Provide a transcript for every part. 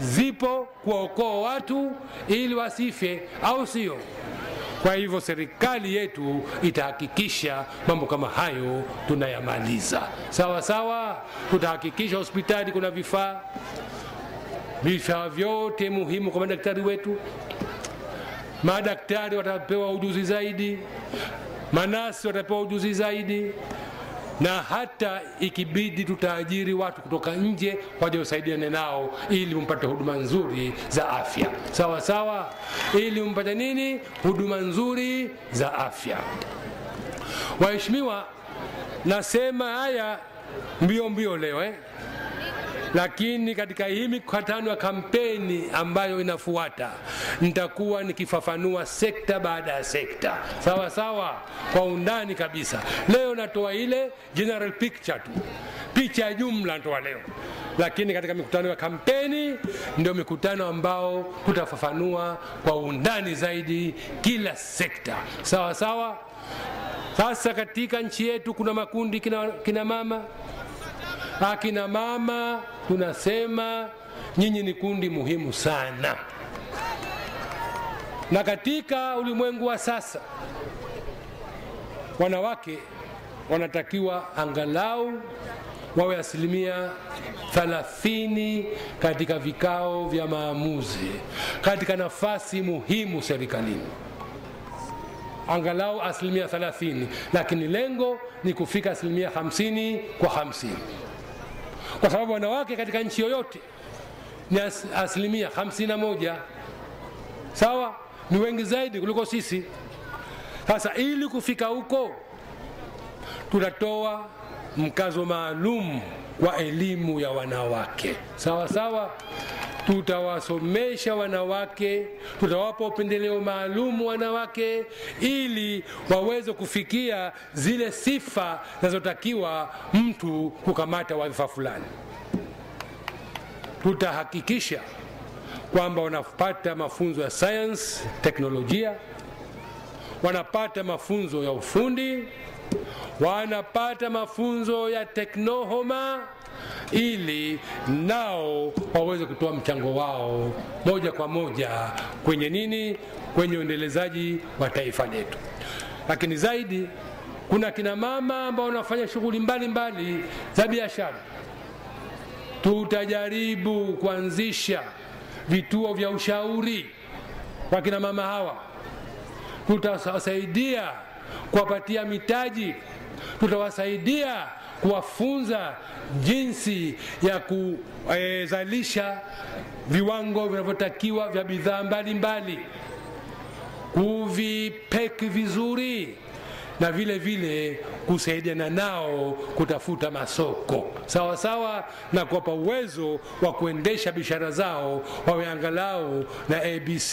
zipo kuwaokoa watu ili wasifye, au sio? Kwa hivyo serikali yetu itahakikisha mambo kama hayo tunayamaliza sawa sawa. Tutahakikisha hospitali kuna vifaa vifaa vyote muhimu kwa madaktari wetu. Madaktari watapewa ujuzi zaidi, manasi watapewa ujuzi zaidi na hata ikibidi tutaajiri watu kutoka nje waje usaidiane nao ili mpate huduma nzuri za afya sawa sawa ili mpate nini huduma nzuri za afya waheshimiwa nasema haya mbio mbio leo eh? lakini katika hii mikutano ya kampeni ambayo inafuata nitakuwa nikifafanua sekta baada ya sekta sawa sawa, kwa undani kabisa. Leo natoa ile general picture tu, picha ya jumla natoa leo, lakini katika mikutano ya kampeni ndio mikutano ambao tutafafanua kwa undani zaidi kila sekta sawa sawa. Sasa katika nchi yetu kuna makundi kina, kina mama akina mama tunasema nyinyi ni kundi muhimu sana, na katika ulimwengu wa sasa wanawake wanatakiwa angalau wawe asilimia 30 katika vikao vya maamuzi, katika nafasi muhimu serikalini, angalau asilimia 30, lakini lengo ni kufika asilimia 50 kwa 50 kwa sababu wanawake katika nchi yoyote ni as, asilimia 51 sawa ni wengi zaidi kuliko sisi sasa ili kufika huko tunatoa mkazo maalum wa elimu ya wanawake sawa sawa tutawasomesha wanawake, tutawapa upendeleo maalum wanawake, ili waweze kufikia zile sifa zinazotakiwa mtu kukamata wadhifa fulani. Tutahakikisha kwamba wanapata mafunzo ya science teknolojia, wanapata mafunzo ya ufundi, wanapata mafunzo ya teknohoma ili nao waweze kutoa mchango wao moja kwa moja kwenye nini, kwenye uendelezaji wa taifa letu. Lakini zaidi kuna kina mama ambao wanafanya shughuli mbalimbali za biashara. Tutajaribu kuanzisha vituo vya ushauri kwa kina mama hawa, tutawasaidia kuwapatia mitaji, tutawasaidia kuwafunza jinsi ya kuzalisha viwango vinavyotakiwa vya bidhaa mbalimbali, kuvipeki vizuri na vile vile kusaidiana nao kutafuta masoko sawa sawa na kuwapa uwezo wa kuendesha biashara zao, wawe angalau na ABC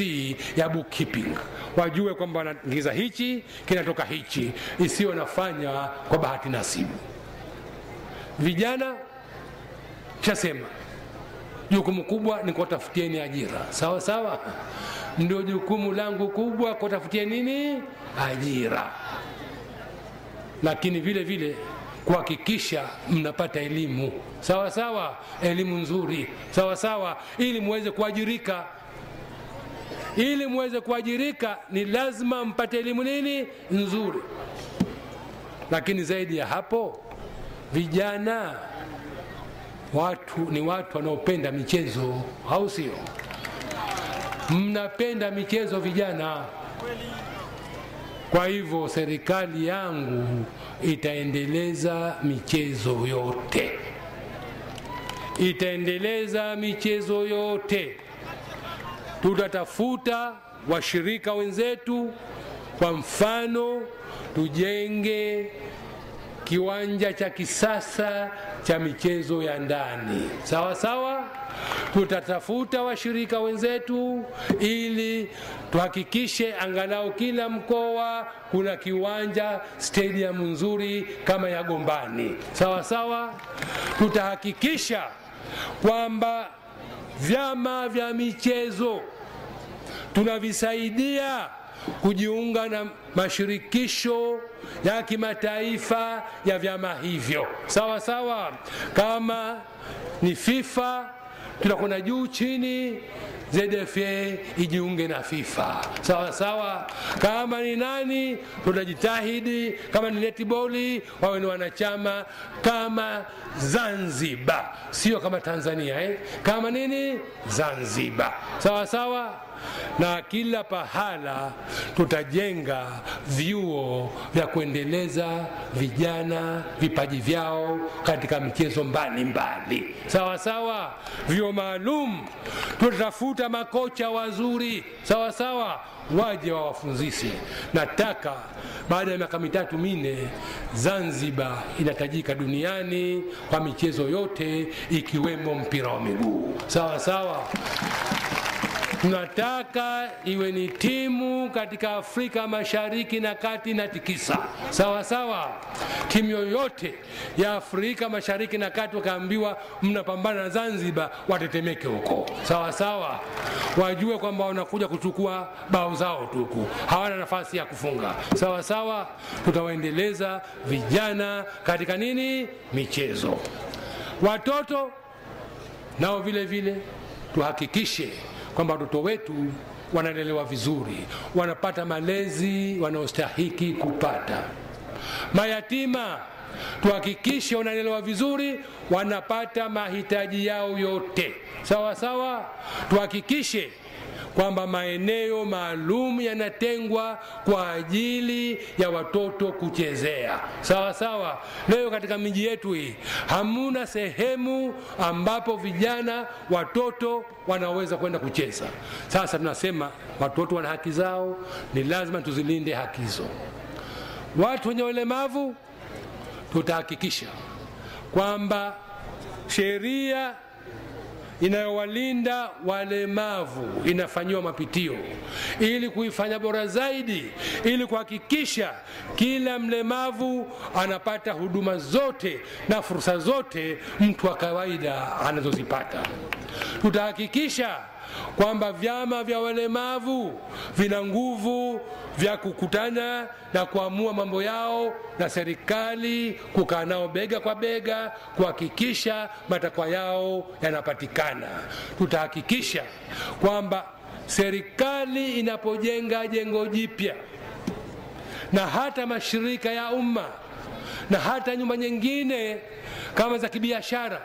ya bookkeeping, wajue kwamba wanaingiza hichi kinatoka hichi, isiyo nafanya kwa bahati nasibu vijana shasema jukumu kubwa ni kuwatafutieni ajira sawa sawa ndio jukumu langu kubwa kuwatafutia nini ajira lakini vile vile kuhakikisha mnapata elimu sawa sawa elimu nzuri sawa sawa ili muweze kuajirika ili muweze kuajirika ni lazima mpate elimu nini nzuri lakini zaidi ya hapo vijana watu ni watu wanaopenda michezo, au sio? Mnapenda michezo vijana. Kwa hivyo serikali yangu itaendeleza michezo yote, itaendeleza michezo yote. Tutatafuta washirika wenzetu, kwa mfano tujenge kiwanja cha kisasa cha michezo ya ndani. Sawa sawa, tutatafuta washirika wenzetu ili tuhakikishe angalau kila mkoa kuna kiwanja stadium nzuri kama ya Gombani. Sawa sawa, tutahakikisha kwamba vyama vya michezo tunavisaidia kujiunga na mashirikisho ya kimataifa ya vyama hivyo, sawa sawa, kama ni FIFA tunakwenda juu chini ZFA ijiunge na FIFA sawa sawa. Kama ni nani, tunajitahidi. Kama ni netiboli, wawe ni wanachama kama Zanzibar, sio kama Tanzania eh? kama nini Zanzibar, sawa sawa na kila pahala tutajenga vyuo vya kuendeleza vijana vipaji vyao katika michezo mbalimbali, sawa sawa, vyuo maalum. Tutafuta makocha wazuri, sawa sawa, waje wawafunzishe. Nataka baada ya miaka mitatu minne, Zanzibar inatajika duniani kwa michezo yote ikiwemo mpira wa miguu, sawa sawa tunataka iwe ni timu katika Afrika Mashariki na Kati na tikisa sawa sawa. Timu yoyote ya Afrika Mashariki na Kati wakaambiwa mnapambana na Zanzibar, watetemeke huko sawa sawa, wajue kwamba wanakuja kuchukua bao zao tuku, hawana nafasi ya kufunga sawa sawa. Tutawaendeleza vijana katika nini, michezo, watoto nao vile vile tuhakikishe kwamba watoto wetu wanalelewa vizuri, wanapata malezi wanaostahiki kupata. Mayatima tuhakikishe wanalelewa vizuri, wanapata mahitaji yao yote sawa sawa, tuhakikishe kwamba maeneo maalum yanatengwa kwa ajili ya watoto kuchezea. Sawa sawa, leo katika miji yetu hii hamuna sehemu ambapo vijana watoto wanaweza kwenda kucheza. Sasa tunasema watoto wana haki zao, ni lazima tuzilinde haki hizo. Watu wenye ulemavu tutahakikisha kwamba sheria inayowalinda walemavu inafanyiwa mapitio ili kuifanya bora zaidi, ili kuhakikisha kila mlemavu anapata huduma zote na fursa zote mtu wa kawaida anazozipata. Tutahakikisha kwamba vyama vya walemavu vina nguvu vya kukutana na kuamua mambo yao na serikali kukaa nao bega kwa bega kuhakikisha matakwa yao yanapatikana. Tutahakikisha kwamba serikali inapojenga jengo jipya na hata mashirika ya umma na hata nyumba nyingine kama za kibiashara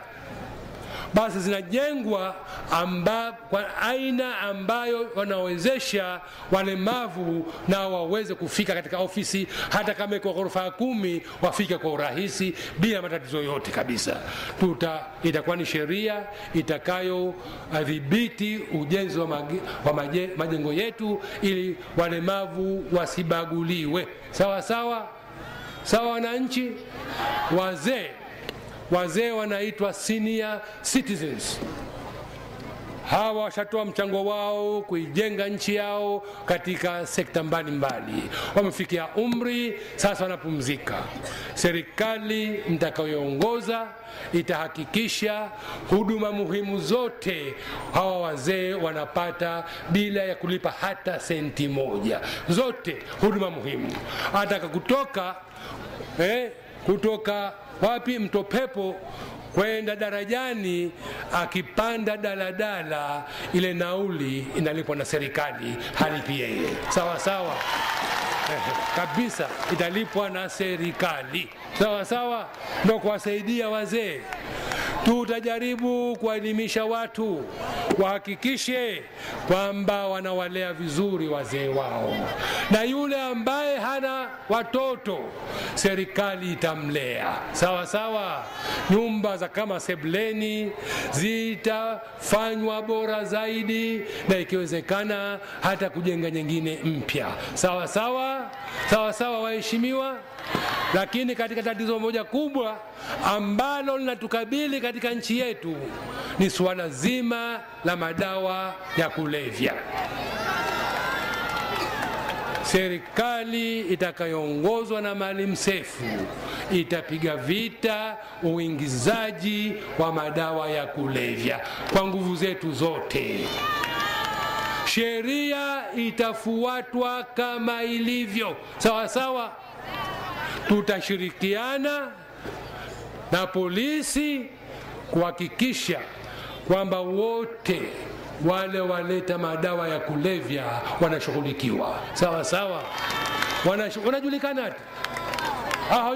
basi zinajengwa amba, kwa aina ambayo wanawezesha walemavu nao waweze kufika katika ofisi, hata kama kwa ghorofa ya kumi wafike kwa urahisi bila matatizo yote kabisa. Tuta itakuwa ni sheria itakayodhibiti eh, ujenzi wa, mag, wa maje, majengo yetu ili walemavu wasibaguliwe. Sawa sawa sawa, wananchi wazee wazee wanaitwa senior citizens hawa washatoa mchango wao kuijenga nchi yao katika sekta mbalimbali wamefikia umri sasa wanapumzika serikali mtakayoongoza itahakikisha huduma muhimu zote hawa wazee wanapata bila ya kulipa hata senti moja zote huduma muhimu atakakutoka eh, kutoka wapi mto pepo kwenda darajani akipanda daladala ile nauli inalipwa na serikali halipi yeye sawa sawa kabisa italipwa na serikali sawa sawa ndo kuwasaidia wazee tutajaribu kuwaelimisha watu wahakikishe kwamba wanawalea vizuri wazee wao, na yule ambaye hana watoto serikali itamlea sawa sawa. Nyumba za kama sebleni zitafanywa bora zaidi, na ikiwezekana hata kujenga nyingine mpya sawa sawa sawa sawa, waheshimiwa. Lakini katika tatizo moja kubwa ambalo linatukabili katika nchi yetu ni suala zima la madawa ya kulevya. Serikali itakayoongozwa na Maalim msefu itapiga vita uingizaji wa madawa ya kulevya kwa nguvu zetu zote. Sheria itafuatwa kama ilivyo, sawa sawa. Tutashirikiana na polisi kuhakikisha kwamba wote wale waleta madawa ya kulevya wanashughulikiwa sawa sawa, wanajulikana tu ah,